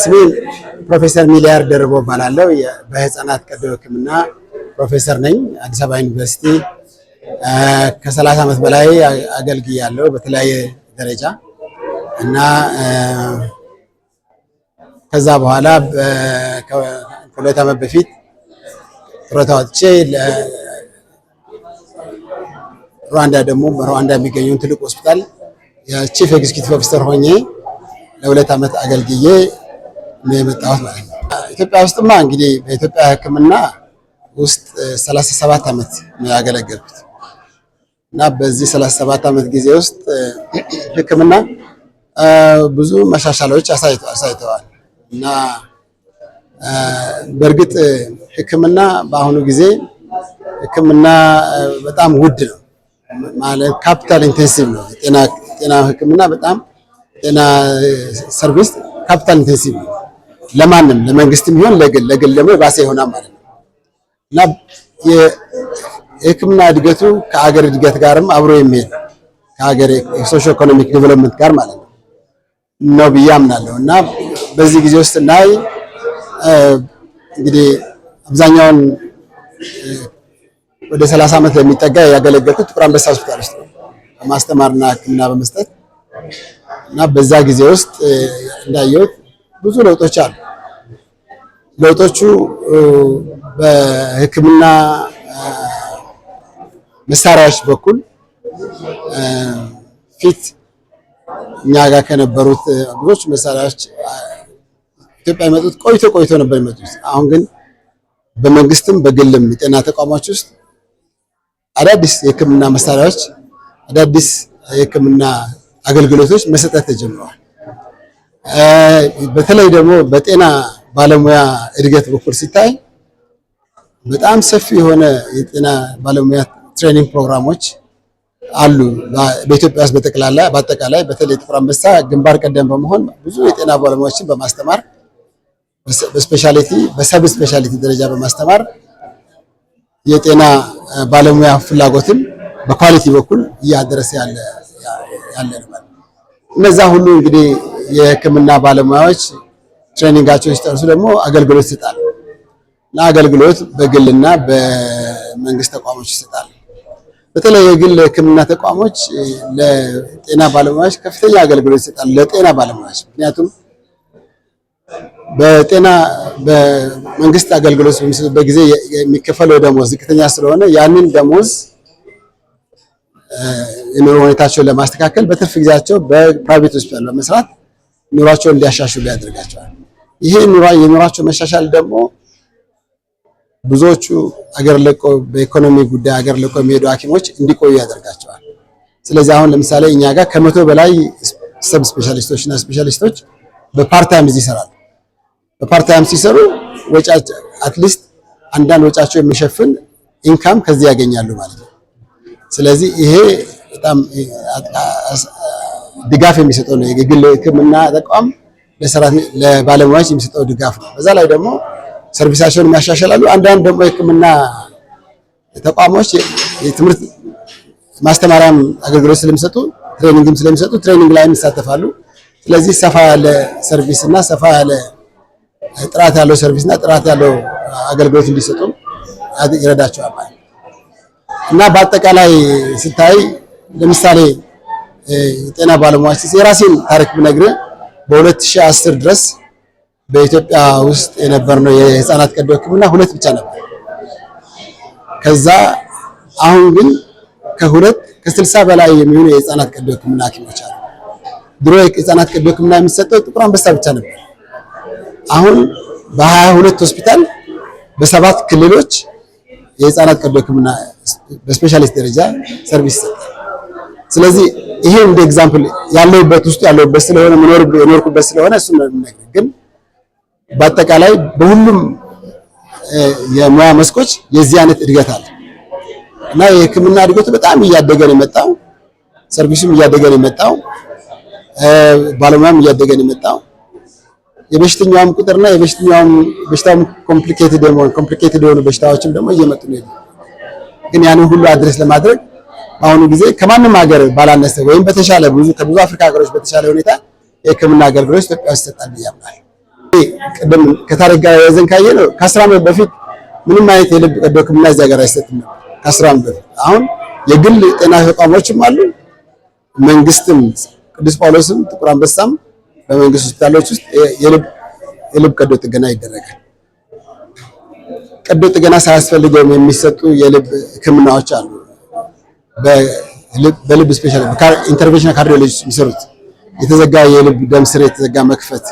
ስሜ ፕሮፌሰር ሚሊያር ደርቦ እባላለሁ። በህፃናት ቀዶ ሕክምና ፕሮፌሰር ነኝ። አዲስ አበባ ዩኒቨርሲቲ ከ30 ዓመት በላይ አገልግያለሁ በተለያየ ደረጃ እና ከዛ በኋላ ከሁለት ዓመት በፊት ጡረታ ወጥቼ ለሩዋንዳ ደግሞ በሩዋንዳ የሚገኘውን ትልቅ ሆስፒታል የቺፍ ኤግዚኪቲቭ ኦፊሰር ሆኜ ለሁለት ዓመት አገልግዬ ነው የመጣሁት ማለት ነው። ኢትዮጵያ ውስጥማ እንግዲህ በኢትዮጵያ ሕክምና ውስጥ 37 ዓመት ነው ያገለገልኩት እና በዚህ 37 ዓመት ጊዜ ውስጥ ሕክምና ብዙ መሻሻሎች አሳይተዋል እና በእርግጥ ሕክምና በአሁኑ ጊዜ ሕክምና በጣም ውድ ነው ማለት ካፒታል ኢንቴንሲቭ ነው። ጤና ሕክምና በጣም ጤና ሰርቪስ ካፒታል ኢንቴንሲቭ ለማንም ለመንግስትም ይሁን ለግል ለግል ደግሞ የባሰ ይሆናል ማለት ነው እና የህክምና እድገቱ ከአገር እድገት ጋርም አብሮ የሚሄድ ከሀገር የሶሽ ኢኮኖሚክ ዲቨሎፕመንት ጋር ማለት ነው ነው ብዬ አምናለሁ እና በዚህ ጊዜ ውስጥ እናይ እንግዲህ አብዛኛውን ወደ 30 ዓመት ለሚጠጋ ያገለገልኩት ጥቁር አንበሳ ሆስፒታል ውስጥ ነው በማስተማርና ህክምና በመስጠት እና በዛ ጊዜ ውስጥ እንዳየሁት ብዙ ለውጦች አሉ። ለውጦቹ በሕክምና መሳሪያዎች በኩል ፊት እኛ ጋር ከነበሩት ብዙዎች መሳሪያዎች ኢትዮጵያ የመጡት ቆይቶ ቆይቶ ነበር የመጡት። አሁን ግን በመንግስትም በግልም የጤና ተቋማት ውስጥ አዳዲስ የሕክምና መሳሪያዎች አዳዲስ የሕክምና አገልግሎቶች መሰጠት ተጀምረዋል። በተለይ ደግሞ በጤና ባለሙያ እድገት በኩል ሲታይ በጣም ሰፊ የሆነ የጤና ባለሙያ ትሬኒንግ ፕሮግራሞች አሉ በኢትዮጵያ ውስጥ በጠቅላላ በአጠቃላይ በተለይ ጥቁር አንበሳ ግንባር ቀደም በመሆን ብዙ የጤና ባለሙያዎችን በማስተማር በስፔሻሊቲ በሰብ ስፔሻሊቲ ደረጃ በማስተማር የጤና ባለሙያ ፍላጎትን በኳሊቲ በኩል እያደረሰ ያለ ያለ እነዛ ሁሉ እንግዲህ የህክምና ባለሙያዎች ትሬኒንጋቸው ሲጨርሱ ደግሞ አገልግሎት ይሰጣል እና አገልግሎት በግልና በመንግስት ተቋሞች ይሰጣል። በተለይ የግል ህክምና ተቋሞች ለጤና ባለሙያዎች ከፍተኛ አገልግሎት ይሰጣል። ለጤና ባለሙያዎች ምክንያቱም በጤና በመንግስት አገልግሎት በሚሰጡበት ጊዜ የሚከፈለው ደሞዝ ዝቅተኛ ስለሆነ ያንን ደሞዝ የኑሮ ሁኔታቸውን ለማስተካከል በትርፍ ጊዜያቸው በፕራይቬት ሆስፒታል በመስራት ኑሯቸውን እንዲያሻሽሉ ያደርጋቸዋል። ይሄ የኑሯቸው መሻሻል ደግሞ ብዙዎቹ አገር ለቆ በኢኮኖሚ ጉዳይ አገር ለቆ የሚሄዱ ሐኪሞች እንዲቆዩ ያደርጋቸዋል። ስለዚህ አሁን ለምሳሌ እኛ ጋር ከመቶ በላይ ሰብ ስፔሻሊስቶች እና ስፔሻሊስቶች በፓርታይም እዚህ ይሰራሉ። በፓርታይም ሲሰሩ አትሊስት አንዳንድ ወጫቸው የሚሸፍን ኢንካም ከዚህ ያገኛሉ ማለት ነው። ስለዚህ ይሄ በጣም ድጋፍ የሚሰጠው ነው። የግል ሕክምና ተቋም ለባለሙያዎች የሚሰጠው ድጋፍ ነው። በዛ ላይ ደግሞ ሰርቪሳቸውን ያሻሽላሉ። አንዳንድ ደግሞ የሕክምና ተቋሞች የትምህርት ማስተማሪያም አገልግሎት ስለሚሰጡ ትሬኒንግም ስለሚሰጡ ትሬኒንግ ላይም ይሳተፋሉ። ስለዚህ ሰፋ ያለ ሰርቪስ እና ሰፋ ያለ ጥራት ያለው ሰርቪስ እና ጥራት ያለው አገልግሎት እንዲሰጡ ይረዳቸዋል እና በአጠቃላይ ስታይ ለምሳሌ የጤና ባለሙያዎች የራሴን ታሪክ ብነግርህ በ2010 ድረስ በኢትዮጵያ ውስጥ የነበርነው የህፃናት ቀዶ ህክምና ሁለት ብቻ ነበር። ከዛ አሁን ግን ከሁለት ከስልሳ በላይ የሚሆኑ የህፃናት ቀዶ ህክምና ሐኪሞች አሉ። ድሮ የህፃናት ቀዶ ሕክምና የሚሰጠው ጥቁር አንበሳ ብቻ ነበር። አሁን በሀያ ሁለት ሆስፒታል በሰባት ክልሎች የህፃናት ቀዶ ህክምና በስፔሻሊስት ደረጃ ሰርቪስ ይሰጣል። ስለዚህ ይሄ እንደ ኤግዛምፕል ያለውበት ውስጥ ያለሁበት ስለሆነ የኖርኩበት ስለሆነ እሱ ነው የምነግርህ። ግን በአጠቃላይ በሁሉም የሙያ መስኮች የዚህ አይነት እድገት አለ እና የሕክምና እድገቱ በጣም እያደገ ነው የመጣው። ሰርቪሱም እያደገ ነው የመጣው። ባለሙያም እያደገ ነው የመጣው። የበሽተኛውም ቁጥርና የበሽተኛውም በሽታውም ኮምፕሊኬትድ የሆኑ በሽታዎችም ደግሞ እየመጡ ነው። ግን ያንን ሁሉ አድሬስ ለማድረግ በአሁኑ ጊዜ ከማንም ሀገር ባላነሰ ወይም በተሻለ ብዙ ከብዙ አፍሪካ ሀገሮች በተሻለ ሁኔታ የሕክምና አገልግሎት ኢትዮጵያ ውስጥ ይሰጣል ብያምናል። ቅድም ከታሪክ ጋር ያዘን ካየ ነው ከአስር ዓመት በፊት ምንም አይነት የልብ ቀዶ ሕክምና እዚህ ሀገር አይሰጥም ነበር። ከአስር ዓመት በፊት አሁን የግል ጤና ተቋሞችም አሉ። መንግስትም ቅዱስ ጳውሎስም ጥቁር አንበሳም በመንግስት ሆስፒታሎች ውስጥ የልብ ቀዶ ጥገና ይደረጋል። ቀዶ ጥገና ሳያስፈልገውም የሚሰጡ የልብ ሕክምናዎች አሉ። በልብ ስፔሻል ኢንተርቬንሽን ካርዲዮሎጂ የሚሰሩት የተዘጋ የልብ ደም ስር የተዘጋ መክፈት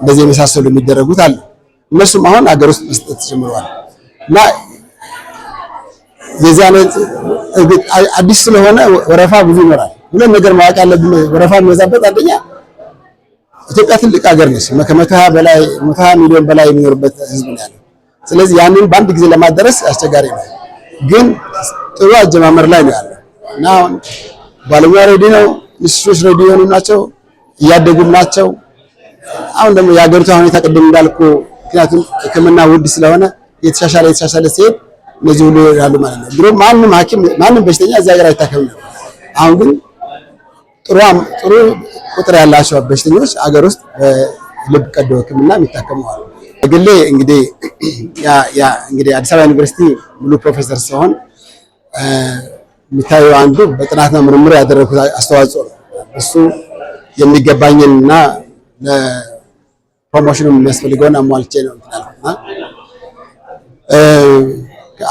እንደዚህ የመሳሰሉ የሚደረጉት አለ። እነሱም አሁን አገር ውስጥ መስጠት ጀምረዋል እና የዚህ አይነት አዲስ ስለሆነ ወረፋ ብዙ ይኖራል። ሁለት ነገር ማወቅ ያለብን ወረፋ የሚበዛበት አንደኛ ኢትዮጵያ ትልቅ ሀገር ነች። ከመቶ ሀያ በላይ መቶ ሀያ ሚሊዮን በላይ የሚኖርበት ህዝብ ነው ያለው። ስለዚህ ያንን በአንድ ጊዜ ለማደረስ አስቸጋሪ ነው፣ ግን ጥሩ አጀማመር ላይ ነው ያለው። እና ባለሙያ ሬዲ ነው፣ ኢንስቲትዩቶች ሬዲ የሆኑ ናቸው፣ እያደጉም ናቸው። አሁን ደግሞ የሀገሪቷ ሁኔታ ቅድም እንዳልኩ ምክንያቱም ሕክምና ውድ ስለሆነ የተሻሻለ የተሻሻለ ሲሄድ እነዚህ ሁሉ ይሆናሉ ማለት ነው። ድሮ ማንም ሐኪም ማንም በሽተኛ እዚህ ሀገር አይታከም ነው። አሁን ግን ጥሩ ጥሩ ቁጥር ያላቸው በሽተኞች ሀገር ውስጥ ልብ ቀዶ ሕክምና የሚታከሙ በግሌ እንግዲህ ያ ያ እንግዲህ አዲስ አበባ ዩኒቨርሲቲ ሙሉ ፕሮፌሰር ሲሆን የሚታየው አንዱ በጥናትና ምርምር ያደረኩት አስተዋጽኦ ነው። እሱ የሚገባኝንና ለፕሮሞሽኑ የሚያስፈልገውን አሟልቼ ነው ትላልና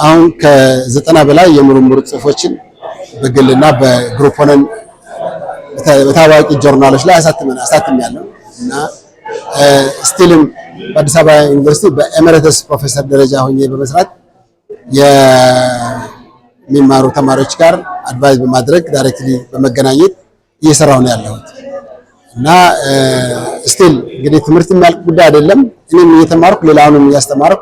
አሁን ከዘጠና በላይ የምርምር ጽሁፎችን በግልና በግሩፕ ሆነን በታዋቂ ጆርናሎች ላይ አሳትመን አሳትም ያለው እና ስቲልም በአዲስ አበባ ዩኒቨርሲቲ በኤሜሬተስ ፕሮፌሰር ደረጃ ሆኜ በመስራት የሚማሩ ተማሪዎች ጋር አድቫይዝ በማድረግ ዳይሬክትሊ በመገናኘት እየሰራሁ ነው ያለሁት እና ስቲል እንግዲህ ትምህርት የሚያልቅ ጉዳይ አይደለም። እኔም እየተማርኩ ሌላውንም እያስተማርኩ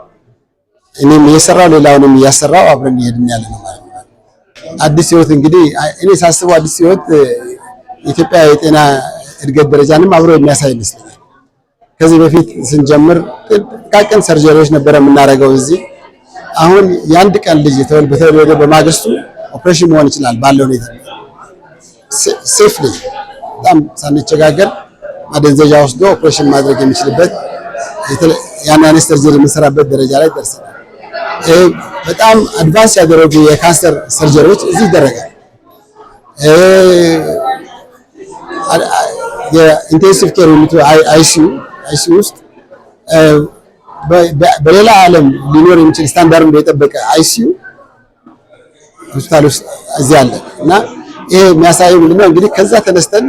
እኔም እየሰራው ሌላውንም እያሰራው አብረን እየሄድን ያለ ነው ማለት ነው። አዲስ ህይወት እንግዲህ እኔ ሳስበው አዲስ ህይወት የኢትዮጵያ የጤና እድገት ደረጃንም አብሮ የሚያሳይ ይመስለኛል። ከዚህ በፊት ስንጀምር ጥቃቅን ሰርጀሪዎች ነበረ የምናደርገው እዚህ አሁን የአንድ ቀን ልጅ በተወለደ በማግስቱ ኦፕሬሽን መሆን ይችላል። ባለው ሁኔታ ሴፍሊ በጣም ሳንቸጋገር ማደንዘዣ ወስዶ ኦፕሬሽን ማድረግ የሚችልበት ያን አይነት ሰርጀሪ የምንሰራበት ደረጃ ላይ ደርሰናል። በጣም አድቫንስ ያደረጉ የካንሰር ሰርጀሪዎች እዚህ ይደረጋል። የኢንቴንሲቭ ኬር ዩኒት አይሲዩ ውስጥ በሌላ ዓለም ሊኖር የሚችል ስታንዳርድ የጠበቀ አይሲዩ ሆስፒታል ውስጥ እዚህ አለ እና ይሄ የሚያሳየው ምንድነው እንግዲህ ከዛ ተነስተን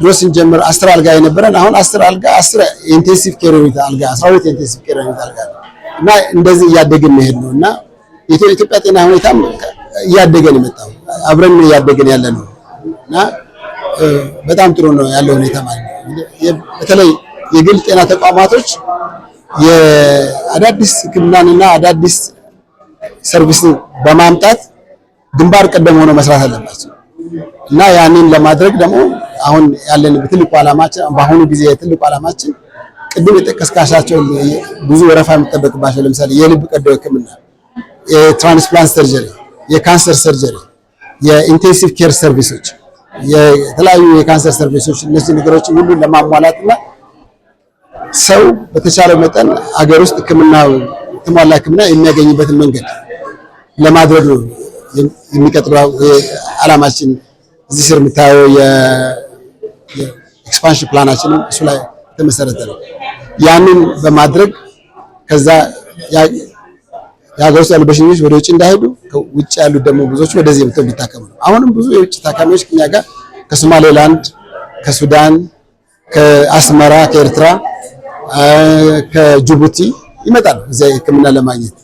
ድሮ ስንጀምር አስር አልጋ የነበረን አሁን አስር አልጋ አስር ኢንቴንሲቭ ኬር ዩኒት አልጋ አስራ ሁለት ኢንቴንሲቭ ኬር ዩኒት አልጋ እና እንደዚህ እያደግን መሄድ ነው እና የኢትዮጵያ ጤና ሁኔታም እያደገን የመጣው አብረን እያደገን ያለ ነው እና በጣም ጥሩ ነው ያለው ሁኔታ ማለት ነው። በተለይ የግል ጤና ተቋማቶች የአዳዲስ ሕክምናንና አዳዲስ ሰርቪስ በማምጣት ግንባር ቀደም ሆኖ መስራት አለባቸው እና ያንን ለማድረግ ደግሞ አሁን ያለን ትልቁ አላማችን በአሁኑ ጊዜ ትልቁ ዓላማችን ቅድም የጠቀስካቸው ብዙ ወረፋ የሚጠበቅባቸው ለምሳሌ የልብ ቀዶ ሕክምና፣ የትራንስፕላንት ሰርጀሪ፣ የካንሰር ሰርጀሪ፣ የኢንቴንሲቭ ኬር ሰርቪሶች የተለያዩ የካንሰር ሰርቪሶች እነዚህ ነገሮች ሁሉ ለማሟላት ሰው በተቻለው መጠን ሀገር ውስጥ ሕክምና የተሟላ ሕክምና የሚያገኝበትን መንገድ ለማድረግ ነው የሚቀጥለው አላማችን እዚህ ስር የምታየው የኤክስፓንሽን ፕላናችንም እሱ ላይ የተመሰረተ ነው። ያንን በማድረግ ከዛ የሀገር ውስጥ ያሉ በሽተኞች ወደ ውጭ እንዳይሄዱ ውጭ ያሉት ደግሞ ብዙዎች ወደዚህ መጥተው ሊታከሙ ነው። አሁንም ብዙ የውጭ ታካሚዎች ከኛ ጋር ከሶማሌላንድ፣ ከሱዳን፣ ከአስመራ፣ ከኤርትራ ከጅቡቲ ይመጣል እዚያ ህክምና ለማግኘት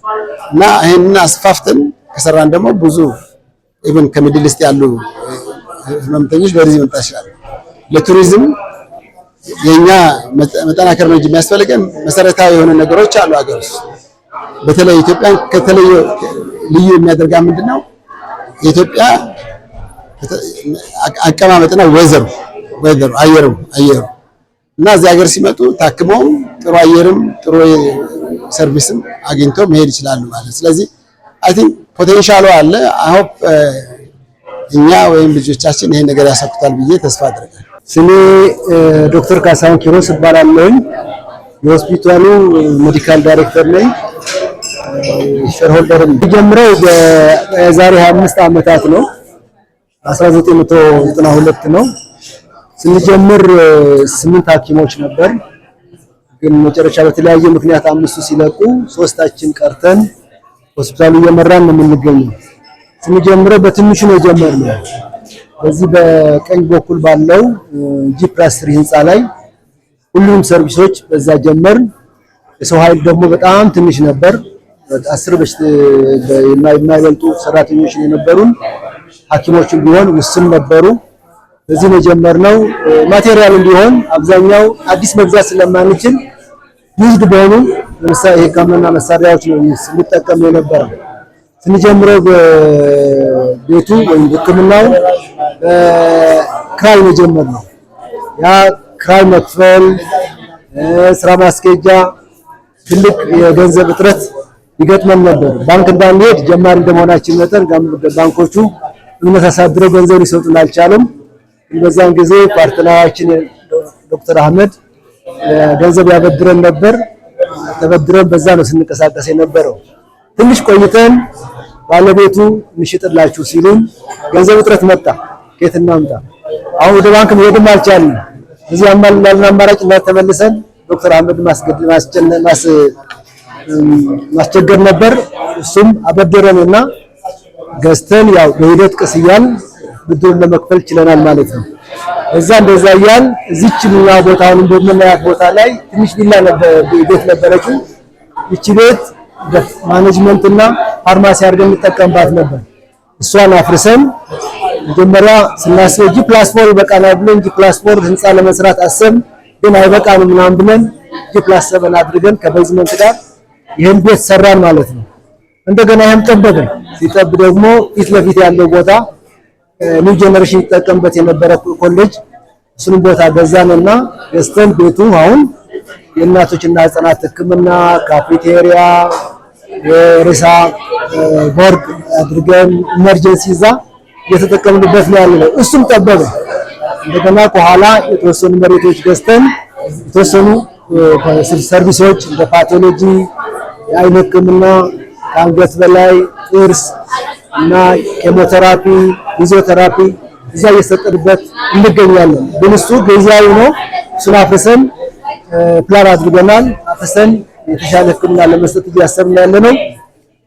እና ይህንን አስፋፍተን ከሰራን ደግሞ ብዙ ኢቨን ከሚድል ኢስት ያሉ ህመምተኞች በዚህ መምጣት ይችላሉ። ለቱሪዝም የእኛ መጠናከር ነው እንጂ የሚያስፈልገን መሰረታዊ የሆነ ነገሮች አሉ ሀገር ውስጥ። በተለይ ኢትዮጵያ ከተለየ ልዩ የሚያደርጋ ምንድን ነው? የኢትዮጵያ አቀማመጥና ወዘሩ ወዘሩ አየሩ አየሩ እና እዚህ ሀገር ሲመጡ ታክመው ጥሩ አየርም ጥሩ ሰርቪስም አግኝተው መሄድ ይችላሉ ማለት። ስለዚህ አይ ቲንክ ፖቴንሻሉ አለ። አሆፕ እኛ ወይም ልጆቻችን ይሄን ነገር ያሳኩታል ብዬ ተስፋ አድርጋል። ስሜ ዶክተር ካሳሁን ኪሮስ እባላለሁኝ። የሆስፒታሉ ሜዲካል ዳይሬክተር ነኝ። ሸርሆልደርም የጀምረው የዛሬ 25 ዓመታት ነው 1992 ነው ስንጀምር ስምንት ሐኪሞች ነበር፣ ግን መጨረሻ በተለያየ ምክንያት አምስቱ ሲለቁ ሶስታችን ቀርተን ሆስፒታሉ እየመራን ነው የምንገኘው። ስንጀምረው በትንሹ ነው የጀመርነው። በዚህ በቀኝ በኩል ባለው ጂ ፕላስ ትሪ ህንፃ ላይ ሁሉንም ሰርቪሶች በዛ ጀመር። የሰው ኃይል ደግሞ በጣም ትንሽ ነበር። አስር የማይበልጡ ሰራተኞች የነበሩን ሐኪሞችን ቢሆን ውስን ነበሩ። እዚህ ነው የጀመርነው። ማቴሪያል እንዲሆን አብዛኛው አዲስ መግዛት ስለማንችል ዩዝድ በሆኑ ለምሳሌ የሕክምና መሳሪያዎች ነው ስንጠቀም የነበረው። ስንጀምረው በቤቱ ወይም ሕክምናው ክራይ መጀመር ነው ያ ክራይ መክፈል፣ ስራ ማስኬጃ ትልቅ የገንዘብ እጥረት ይገጥመን ነበር። ባንክ እንዳንሄድ ጀማሪ እንደመሆናችን መጠን ባንኮቹ እምነት አሳድረው ገንዘብ ሊሰጡን አልቻሉም። በዛን ጊዜ ፓርትነራችን ዶክተር አህመድ ገንዘብ ያበድረን ነበር። ተበድረን በዛ ነው ስንንቀሳቀስ የነበረው። ትንሽ ቆይተን ባለቤቱ እንሽጥላችሁ ሲሉን ገንዘብ እጥረት መጣ። ከየት እናምጣ? አሁን ወደ ባንክ መሄድም አልቻልንም። እዚህ ያለን አማራጭ እና ዶክተር አህመድ ማስቸገር ነበር። እሱም አበደረንና ገዝተን ያው በሂደት ቅስ እያልን ብድሩን ለመክፈል ችለናል ማለት ነው። እዛ እንደዛ እያል እዚችኛ ቦታ አሁን እንደምናያት ቦታ ላይ ትንሽ ቪላ ቤት ነበረች ይቺ ቤት ማኔጅመንትና ፋርማሲ አድርገን እንጠቀምባት ነበር። እሷን አፍርሰን መጀመሪያ ስናስበው ጂ ፕላስ ፎር ይበቃናል ብለን ጂ ፕላስ ፎር ህንፃ ለመስራት አሰብን፣ ግን አይበቃንም ምናምን ብለን ጂ ፕላስ ሰበን አድርገን ከቤዝመንት ጋር ይህን ቤት ሰራን ማለት ነው። እንደገና ይህም ጠበብን። ሲጠብ ደግሞ ፊት ለፊት ያለው ቦታ ኒው ጀነሬሽን ይጠቀምበት የነበረ ኮሌጅ እሱንም ቦታ ገዛንና ገዝተን ቤቱ አሁን የእናቶችና ህጻናት ህክምና ካፌቴሪያ፣ የሬሳ ቦርድ አድርገን ኢመርጀንሲ ይዛ እየተጠቀምንበት ነው እሱም ጠበበ። እንደገና ከኋላ የተወሰኑ መሬቶች ገዝተን የተወሰኑ ሰርቪሶች እንደ ፓቶሎጂ፣ የአይን ሕክምና ከአንገት በላይ ጥርስ እና ኬሞቴራፒ፣ ፊዚዮቴራፒ እዛ እየሰጠንበት እንገኛለን። ግን እሱ ጊዜያዊ ነው። እሱን አፍርሰን ፕላን አድርገናል። አፍርሰን የተሻለ ሕክምና ለመስጠት እያሰብን ያለ ነው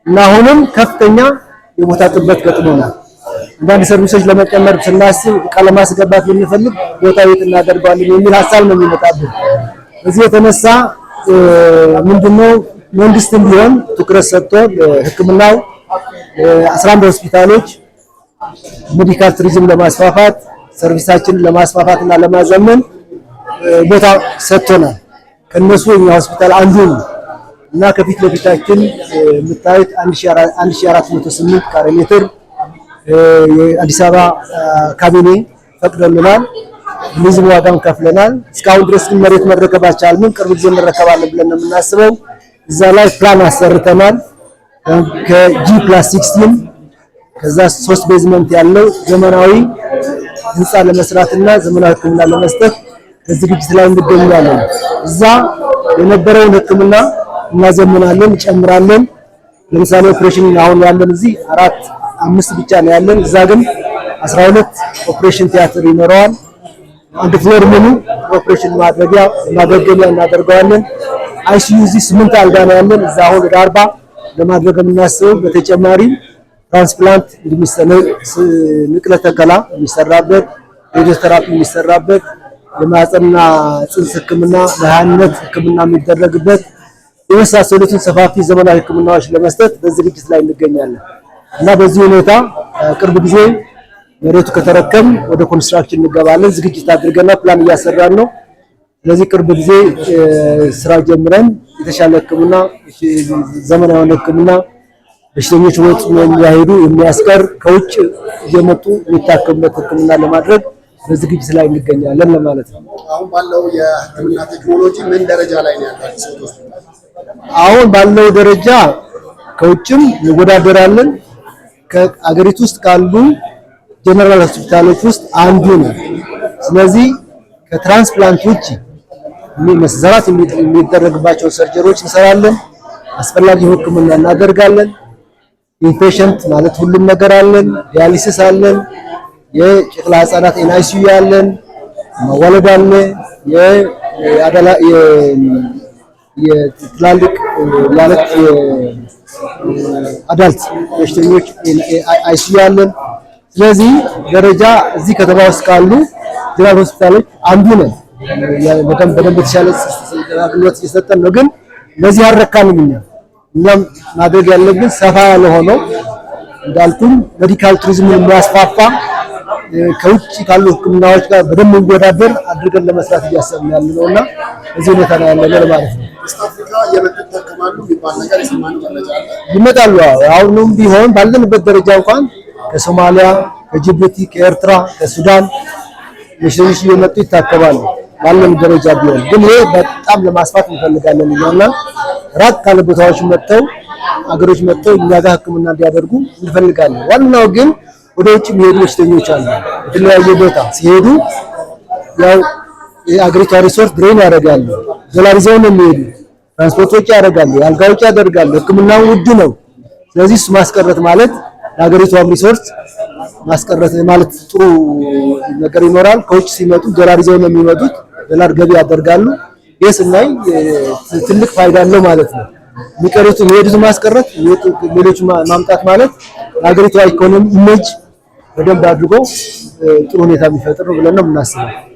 እና አሁንም ከፍተኛ የቦታ ጥበት ገጥሞናል። አንዳንድ ሰርቪሶች ለመጨመር ስናስብ ዕቃ ለማስገባት የሚፈልግ ቦታ የት እናደርገዋለን የሚል ሀሳብ ነው የሚመጣብን። እዚህ የተነሳ ምንድነው መንግስትም ቢሆን ትኩረት ሰጥቶ ሕክምናው አስራ ሆስፒታሎች ሜዲካል ቱሪዝም ለማስፋፋት ሰርቪሳችንን ለማስፋፋትና ለማዘመን ቦታ ሰጥቶናል። ከነሱ የኛ ሆስፒታል አንዱ ነው እና ከፊት ለፊታችን የምታዩት 1408 ካሬ ሜትር የአዲስ አበባ ካቢኔ ፈቅዶልናል። ሊዝም ዋጋም ከፍለናል። እስካሁን ድረስ ግን መሬት መረከባቻል ምን ቅርብ ጊዜ እንረከባለን ብለን ነው የምናስበው። እዛ ላይ ፕላን አሰርተናል። ከጂ ፕላስ ሲክስቲን ከዛ ሶስት ቤዝመንት ያለው ዘመናዊ ህንፃ ለመስራትና ዘመናዊ ህክምና ለመስጠት በዝግጅት ላይ እንገኛለን። እዛ የነበረውን ህክምና እናዘምናለን፣ እንጨምራለን። ለምሳሌ ኦፕሬሽን አሁን ያለን እዚህ አራት አምስት ብቻ ነው ያለን። እዛ ግን 12 ኦፕሬሽን ቲያትር ይኖረዋል። አንድ ፍሎር ሙሉ ኦፕሬሽን ማድረጊያ ማገገሚያ እናደርገዋለን። አይሲዩ እዚህ ስምንት አልጋ ነው ያለን። እዛ አሁን ወደ አርባ ለማድረግ የምናስበው በተጨማሪም ትራንስፕላንት ንቅለ ተከላ የሚሰራበት ሬዲዮቴራፒ የሚሰራበት ለማህፀንና ጽንስ ህክምና ለሃያነት ህክምና የሚደረግበት የመሳሰሉትን ሰፋፊ ዘመናዊ ህክምናዎች ለመስጠት በዝግጅት ላይ እንገኛለን እና በዚህ ሁኔታ ቅርብ ጊዜ መሬቱ ከተረከም ወደ ኮንስትራክሽን እንገባለን። ዝግጅት አድርገና ፕላን እያሰራን ነው። ስለዚህ ቅርብ ጊዜ ስራ ጀምረን የተሻለ ህክምና ዘመናዊ ህክምና በሽተኞች ወጥ የሚያሄዱ የሚያስቀር ከውጭ እየመጡ የሚታከሙበት ህክምና ለማድረግ በዝግጅት ላይ እንገኛለን ለማለት ነው። አሁን ባለው የህክምና ቴክኖሎጂ ምን ደረጃ ላይ ነው ያለው? አሁን ባለው ደረጃ ከውጭም እንወዳደራለን። ከአገሪቱ ውስጥ ካሉ ጀነራል ሆስፒታሎች ውስጥ አንዱ ነው። ስለዚህ ከትራንስፕላንት ውጭ መሰራት የሚደረግባቸው ሰርጀሪዎች እንሰራለን። አስፈላጊ ሕክምና እናደርጋለን። ኢንፔሸንት ማለት ሁሉም ነገር አለን። ዲያሊሲስ አለን። የጨቅላ ህጻናት ኤንአይሲዩ አለን። መወለድ አለ። የ የትላልቅ ማለት አዳልት በሽተኞች አይሲዩ አለን። ስለዚህ ደረጃ እዚህ ከተማ ውስጥ ካሉ ጀነራል ሆስፒታሎች አንዱ ነው። በደንብ የተሻለ አገልግሎት እየሰጠን ነው። ግን ለዚህ አልረካንም። እኛ እኛም ማድረግ ያለብን ሰፋ ያለ ሆነው እንዳልኩም ሜዲካል ቱሪዝምን የሚያስፋፋ ከውጭ ካሉ ሕክምናዎች ጋር በደንብ እንወዳደር አድርገን ለመስራት እያሰብን ያለ ነው እና እዚህ ሁኔታ ነው ያለ ማለት ነው። ይመጣሉ። አሁንም ቢሆን ባለንበት ደረጃ እንኳን ከሶማሊያ፣ ከጅቡቲ፣ ከኤርትራ፣ ከሱዳን የሽሽ እየመጡ ይታከባሉ። ባለም ደረጃ ቢሆን ግን ይሄ በጣም ለማስፋት እንፈልጋለን እኛና ራቅ ካለ ቦታዎች መጥተው አገሮች መጥተው እኛ ጋር ሕክምና እንዲያደርጉ እንፈልጋለን። ዋናው ግን ወደ ውጭ የሚሄዱ በሽተኞች አሉ። የተለያየ ቦታ ሲሄዱ ያው የአገሪቷ ሪሶርት ድሬን ያደርጋሉ። ዶላር ነው የሚሄዱ። ትራንስፖርቶች ያደርጋሉ፣ የአልጋዎች ያደርጋሉ። ሕክምናው ውድ ነው። ስለዚህ እሱ ማስቀረት ማለት ለሀገሪቷም ሪሶርት ማስቀረት ማለት ጥሩ ነገር ይኖራል። ከውጭ ሲመጡ ዶላር ይዘው ነው የሚመጡት። ዶላር ገቢ ያደርጋሉ። ይህ ስናይ ትልቅ ፋይዳ አለው ማለት ነው። የሚቀሩትን የሄዱት ማስቀረት ሌሎች ማምጣት ማለት ለሀገሪቷ ኢኮኖሚ ኢሜጅ በደንብ አድርጎ ጥሩ ሁኔታ የሚፈጥር ነው ብለን ነው የምናስበው።